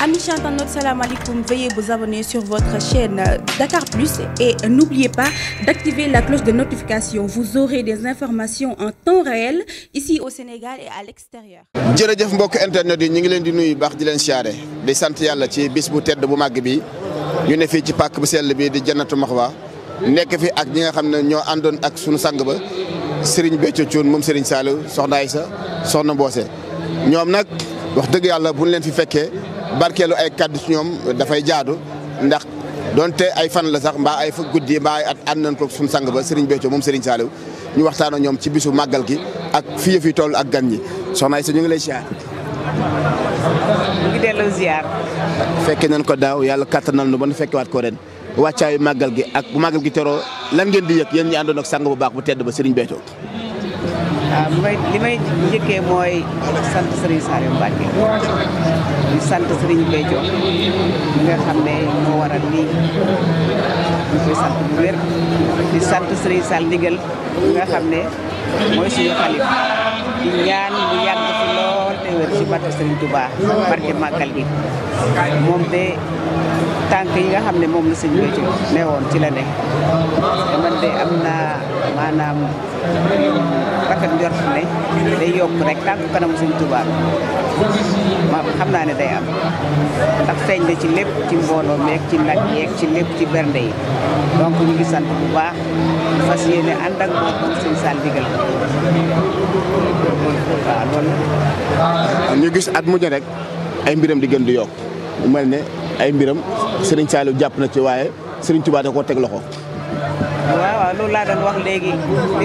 Amis internautes, salam alaikum. Veuillez vous abonner sur votre chaîne Dakar Plus et n'oubliez pas d'activer la cloche de notification. Vous aurez des informations en temps réel ici au Sénégal et à l'extérieur. jërëjëf mbokk internet yi ñu ngi leen di nuyu baax di leen siyaare di sant yàlla ci bis bu tedd bu màgg bi ñu ne fii ci pàkk bu sell bi di Jannatu Maxwa nekk fi ak ñi nga xam ne ñoo àndoon ak sunu sang ba Serigne Béthio Thioune moom seriñ Saliou soxna Aïssa soxna Mboose ñoom nag yàlla bu leen fi fekkee. barkeelu ay kàddu ci ñoom dafay jaadu ndax donte ay fan la sax mbaa ay guddi mbaa ay at ànd nañ ko suñu sang ba Serigne Béthio moom Serigne Saliou ñu waxtaan ak ñoom ci bisu màggal gi ak fi yëf yi ak gan ñi soxna si ñu ngi lay ziar. ñu ngi delloo ko daaw yàlla kattanal nu ba nu fekkewaat ko ren wàccaayu màggal gi ak bu màggal gi teroo lan ngeen di yëg yéen ñi àndoon ak sang bu baax bu tedd ba Serigne Béthio. waaw ah, li may li may njëkkee mooy sant Serigne Saliou Mbacké di sant Serigne Béthio mi nga xam ne moo waral lii ñu sant bu wér di sant Serigne Sall ndigal nga xam ne mooy suñu xalif di ñaan bu yàgg fi lool te wér ci barke Serigne Touba barke màggal gi moom de tànk yi nga xam ne moom la sëñ bi ci ne woon ci la ne man de am naa maanaam rafet njort ne day yokk rek tànk kanamu sëñ Tuubaa ma xam naa ne day am ndax feeñ na ci lépp ci mbooloo meeg ci nag yeeg ci lépp ci bernde yi donc ñu ngi sant bu baax fas yéene ànd ak moom sëñ Sall digal ko waaw loolu ñu gis at mu rek ay mbiram di gën di yokk mu mel ne ay mbiram Serigne Saliou jàpp na ci waaye Serigne Touba da koo teg loxo. waaw waaw loolu laa doon wax léegi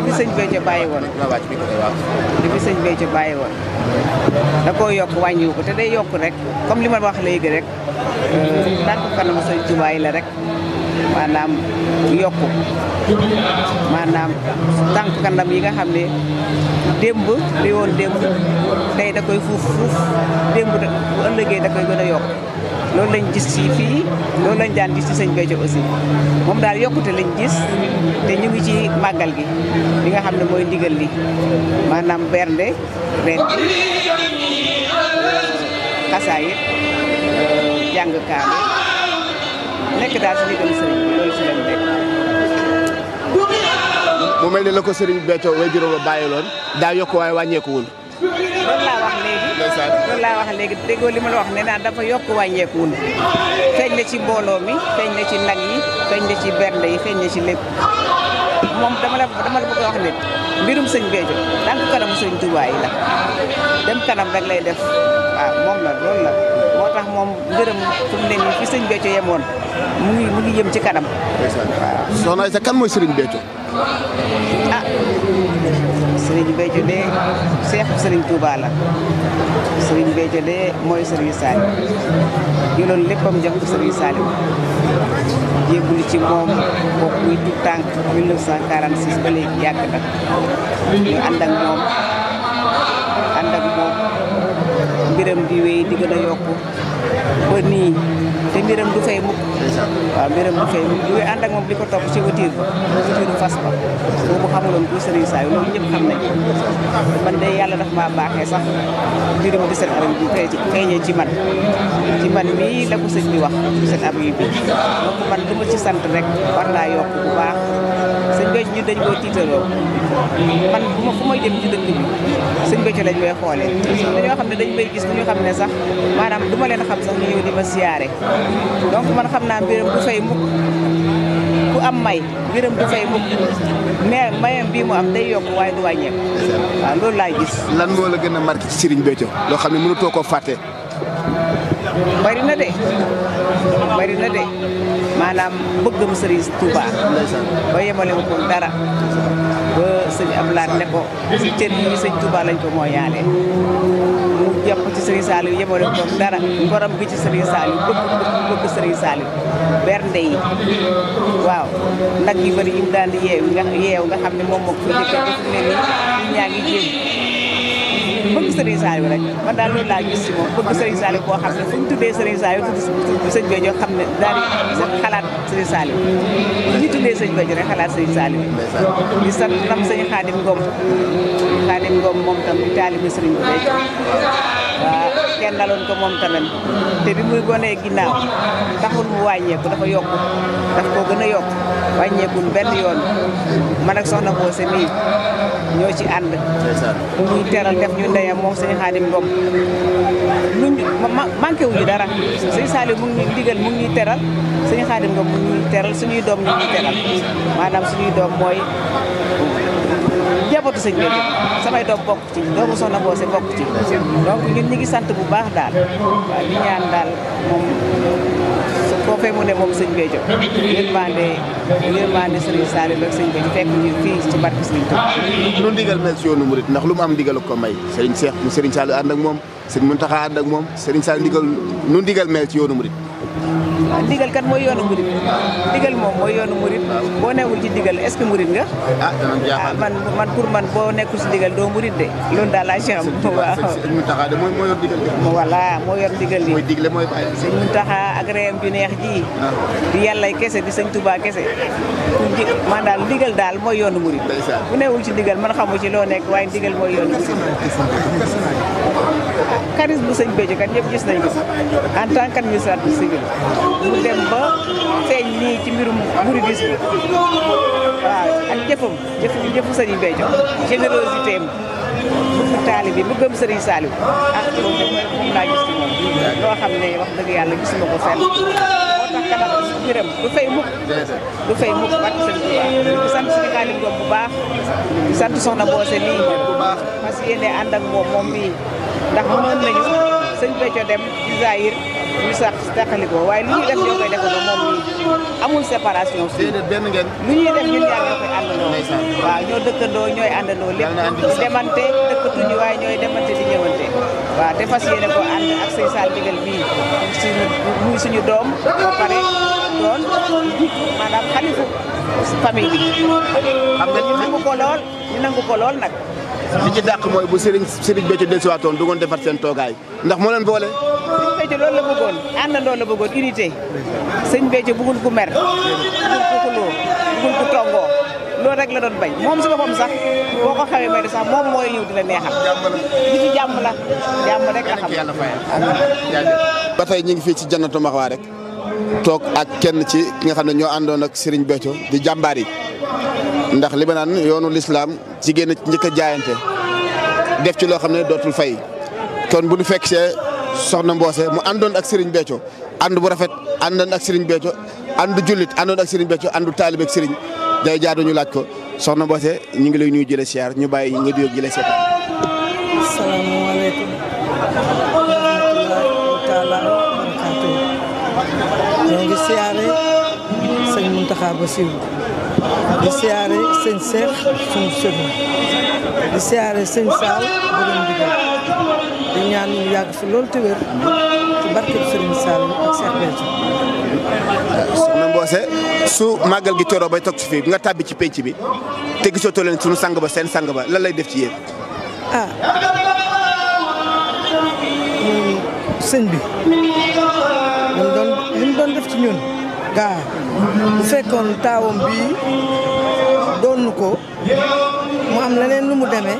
li sëñ Béthio bàyyi woon li fi sëñ Béthio bàyyi woon da koo yokk wàññiwu ko te day yokk rek comme li ma wax léegi rek euh, tànk kanam sëñ Touba la rek maanaam yokku maanaam tànk kandam yi nga xam ne démb li woon démb tey da koy fuuf fuuf démb bu ëllëgee da koy gën a yokk loolu lañ gis ci fii loolu lañ daan gis ci sëñ ba aussi moom daal yokkute lañ gis te ñu ngi ci màggal gi li nga xam ne mooy ndigal li maanaam bernde ren xasaay jàng kaame nekk daal ci ndigal sëñ loolu mu mel ni la ko sëriñ Béthio way juróom a bàyyi loon daa yokk waaye wàññeekuwul loolu laa wax léegi. naa dafa yokk wàññeekuwul feeñ ci mbooloo mi feeñ na ci nag yi feeñ na ci bernde yi ci lépp moom dama mbirum sëñ Béthio tànk kanamu kanam rek lay def moom la loolu tax moom ngërëm fu sëñ Béthio yemoon mu ci kanam. waaw soxna kan mooy sëriñ Béthio. ah sëriñ Béthio de. seexu Serigne Touba la Serigne Béthio de mooy Serigne Saliou jëloon léppam jox ko Serigne Saliou jébbul ci moom bokk muy tout tànk 1946 ba léegi yàgg na ñu moom ànd moom mbiram di wéy di gën a yokku ba nii te mbiram du fay mukk waaw mbiram bu fay bu ànd ak moom li ko topp ci watiir watiiru fas ba boobu xamuloon ko sëriñ Saliou loolu ñëpp xam nañ man de yàlla dafa maa baaxee sax mbirum di seen aram bi fee feeñee ci ci man mii la ko sëñ bi wax di bi man du ma ci sant rek war naa yokk bu baax sëñ Béthio ñu dañ koo tiitaloo man bu ma fu may dem ci lañ may xoolee dañoo xam ne dañ may gis ñu xam ne sax maanaam du leen xam sax ñu ñëw di ma siyaare donc man xam naa mbiram bu fay may mbiram du bii mu am day yokk waaye du wàññeeku waaw loolu laay gis. lan moo la gën a marqué ci Serigne loo xam ne mënutoo koo fàtte. bari na de bari na de maanaam bëggam Serigne Touba ba yemale ko dara. sëñ Ablaat ne ko ci cër yi sëñ Touba lañ ko mooñaale mu jàpp ci sëriñ Saliou yemale ko dara borom gi ci sëriñ Saliou bëgg bëgg waaw nag yu bëri yi mu daan di yeew nga yeew nga xam moom moo ko fa def ne ñaa ngi jéem bëgg Serigne Saliou rek man daal loolu laa si moom bëgg Serigne Saliou boo xam ne fu ñu tuddee Serigne Saliou tudd sëñ Bédio xam ne daal di sax xalaat Serigne Saliou sëñ Bédio rek xalaat Serigne Saliou di sant nam sëñ Xaadim Ngom Xaadim Ngom moom kennaloon ko moom tamit te bi muy gonee ginnaaw taxul mu wàññeeku dafa yokku daf koo gën a yokk wàññeekul benn yoon man ak soxna Boose mii ñoo ci ànd muy teral def ñu ndeyam moom sëñ Xaadim Ngom luñ manqué wuñu dara sëñ Saliou mu ngi ñuy mu ngi teral sëñ Xaadim Ngom mu ngi teral suñuy doom ñu ñuy teral maanaam suñuy doom mooy njabootu sëñ bi samay doom bokk ci doomu soxna Boose bokk ci donc ñun ñi ngi sant bu baax daal waaw di ñaan daal moom foofee mu ne moom sëñ Béthio yërmande yërmande sëriñ Saliou ak sëñ Béthio fekk ñu fii ci barke sëriñ Tuubaa lu ndigal mel si yoonu murit ndax lu mu am ndigal ko may sëriñ Cheikh mu sëriñ Saliou ànd ak moom sëriñ mun ànd ak moom sëriñ Saliou ndigal nu digal mel ci yoonu murit ndigal kat mooy yoonu murit ndigal moom mooy yoonu murit boo newul ci ndigal est-ce que murit nga ah, ah man man pour man boo nekkul si ndigal doo murit de loolu daal laa ci am waaw sëñ Muntaxa mooy moo yor ndigal li mooy digle mooy bàyyi sëñ Muntaxa ak neex ji ah. di yàllay kese di sëñ Tuubaa man daal ndigal daal mooy yoonu murit bu newul ci digal man xamu ci loo nekk waaye ndigal mooy yoonu murit charisme bu sëñ Béthio kat ñëpp gis nañ ko en tant qu'administrateur civil mu dem ba feeñ nii ci mbirum mouridisme waaw ak jëfam jëf jëfu sëriñ Béthio générosité am bëgg taalibe bi bëggam sëriñ Saliou ah loolu de moom laa loo xam ne wax dëgg yàlla gisuma ko fenn jërëm du fay mukk du fay mukk ak sëñ bi bu baax di sant soxna Boose nii bu baax parce que moom moom mii ndax mën nañu sëñ Béthio dem ci Zahir ñu sax teqalikoo waaye lu ñuy def ñoo koy defandoo moom nii amul séparation suñu lu ñuy def ñun ñaar ñoo koy àndandoo waaw ñoo dëkkandoo ñooy àndandoo lépp demante dëkkatuñu waaye ñooy demante di ñëwante waaw te fas yéene ko ànd ak sëñ Sall bi si suñu muy suñu doom ba pare doon maanaam xalifu famille bi xam nga ñu nangu ko lool ñu nangu ko lool nag li ci mooy bu Serigne Serigne Béthio dellusiwaatoon du ngoon defar seen toogaay ndax moo leen boole. Serigne Béthio loolu la bëggoon àndandoo la bëggoon unité sëñ Béthio bëggul ku mer bëggul ku xuloo bëggul rek la doon bañ moom si boppam sax boo ko xawee may sax moom mooy ñëw di la neexal. li ci la jàmm rek la xam. ba tey ñu ngi fii ci jannatu Maxwa rek toog ak kenn ci ki nga xam ne ñoo àndoon ak Serigne Béthio di jàmbaar yi. ndax li ma naan yoonu lislaam jigéen a njëkk a jaayante def ci loo xam ne dootul fay kon bu ñu fekk see soxna Mboose mu àndoon ak Serigne Béthio ànd bu rafet àndoon ak Serigne Béthio and jullit àndoon ak Serigne Béthio àndu taalib ak Serigne day jaadu ñu laaj ko soxna Mboose ñu ngi lay nuyu jëlee siyaar ñu bàyyi nga duyoo jëlee seetaan. asalaamaaleykum. ñoo ngi di siyaare sëñ Seex suñu sëriñ siyaare sëñ Saal ñaan ñu yàgg fi loolu te wér ci barkeb sëriñ Saal ak Seex Béthio soxna Mboose su màggal gi coro bay toog si fii bi nga tàbbi ci pénc bi te gisatoo leen suñu sang ba seen sang ba lallay def ci yéen ah sëñ bi gaa bu fekkoon taawam bii doon ko mu am leneen lu mu demee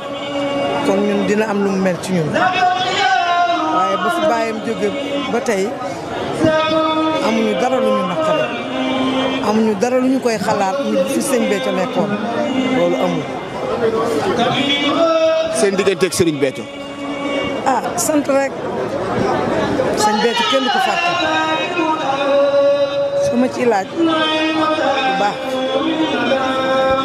kon ñun dina am lu mu mel ci ñun waaye bu fi bàyyam jóge ba tey amuñu dara lu ñu dara lu koy xalaat ñu fi sëñ Béthio nekkoon loolu amul. seen digganteeg Serigne Béthio. ah sant rek sëñ Béthio kenn du ko ma ci laaj bu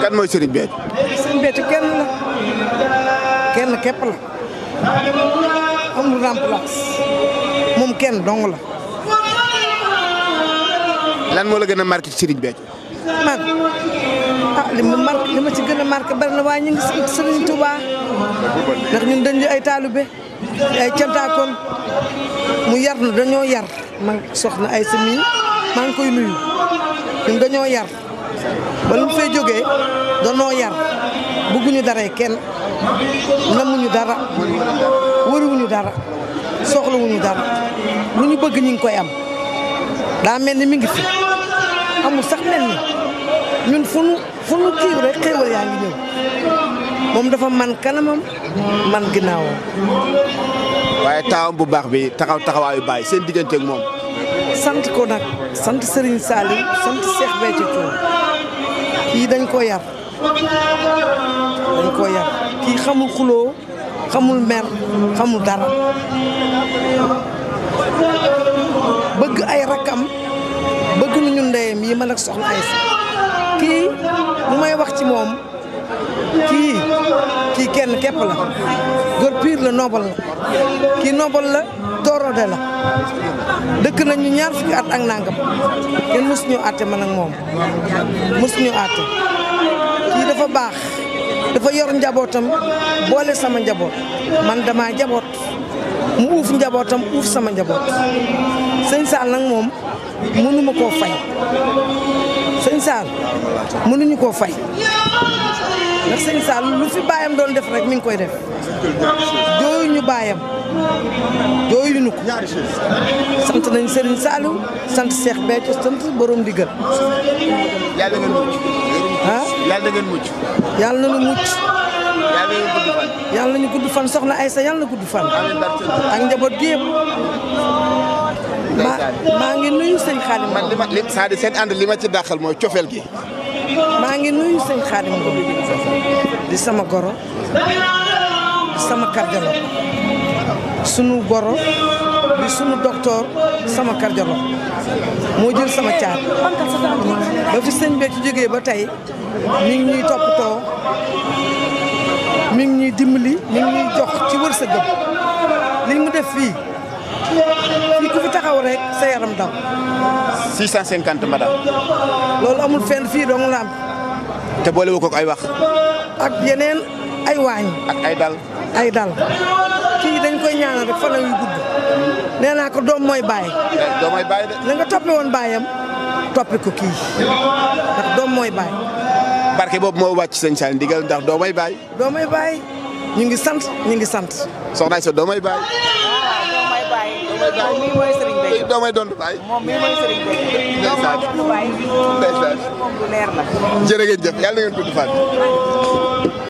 kan mooy Serigne Béthio. Serigne Béthio kenn la kenn képp la amul remplace moom kenn dong la. lan moo la gën a marqué ci Serigne man ah li ma marqué li ma ci gën a marqué bari na waaye ñu ngi sant Serigne Touba ndax ñun dañu ay taalibe ay cantaakoon mu yar na dañoo yar man soxna ay sami maa ngi koy nuyu ñun dañoo yar ba lu fay jógee danoo yar bëgguñu dara kenn namuñu dara wëruwuñu dara soxlawuñu dara lu ñu bëgg ñu ngi koy am daa mel ni mi ngi fi amul sax mel ni ñun fu nu fu nu kii rek xéewal yaa ngi ñëw moom dafa man kanamam man ginnaawam. waaye taawam bu baax bi taxaw taxawaayu baay seen digganteeg moom. sant ko nag sant Serigne Saliou sant Cheikh Béthio Thioune kii dañ ko yar dañ ko yar kii xamul xuloo xamul mer xamul dara bëgg ay rakam bëgg nañu ndeyam yi ma nag soxna ay si kii lu may wax ci moom kii kii kenn képp la góor pire la noobal la kii noobal la atte la dëkk nañu ñaar fukki at ak nangam kenn mësuñu atte man ak moom mësuñu atte kii dafa baax dafa yor njabootam boole sama njaboot man dama njaboot mu uuf njabootam uuf sama njaboot sëñ Saal nag moom mënuma koo fay sëñ Saal mënuñu koo fay ndax sëñ Saal lu fi baayam doon def rek mi ngi koy def jooyu baayam yooyu ñu ko sant nañ Serigne Saliou sant Cheikh Béthio sant borom ndigal yàlla ngeen mucc ah yàlla ngeen mucc yàlla nañu mucc yàlla nañu gudd fan soxna Aïssa yàlla na gudd fan ak njaboot gi yëpp maa ngi nuyu sëñ Xaadim man li ma li saa di seen ànd li ma ci dàqal mooy cofeel gi maa ngi nuyu sëñ Xaadim di sama goro di sama kàrjalo sunu goro bi sunu docteur sama cardiologue moo jël sama caat ba fi sëñ bee ci jógee ba tey mi ngi ñuy toppatoo mi ngi ñuy dimbali mi ngi ñuy jox ci wërsëgam li mu def fii fii ku fi taxaw rek sa yaram daw 650 madame loolu amul fenn fii dong la te boole wu ko ay wax ak yeneen ay waañ ak ay dal ay dal kii dañ koy ñaanal rek fan yu gudd nee naa ko doom mooy baay. Eh, doom mooy baay de. la nga woon baayam toppi ko kii doom mooy baay. barke boobu moo wàcc sëñ Saliou ndigal ndax doomay baay. doomay baay ñu ngi sant ñu ngi sant. soxna sa doomay baay. moom mii mooy baay. moom mooy Serigne Baye. ndeysaan ndeysaan. jërë ngeen jëf yàlla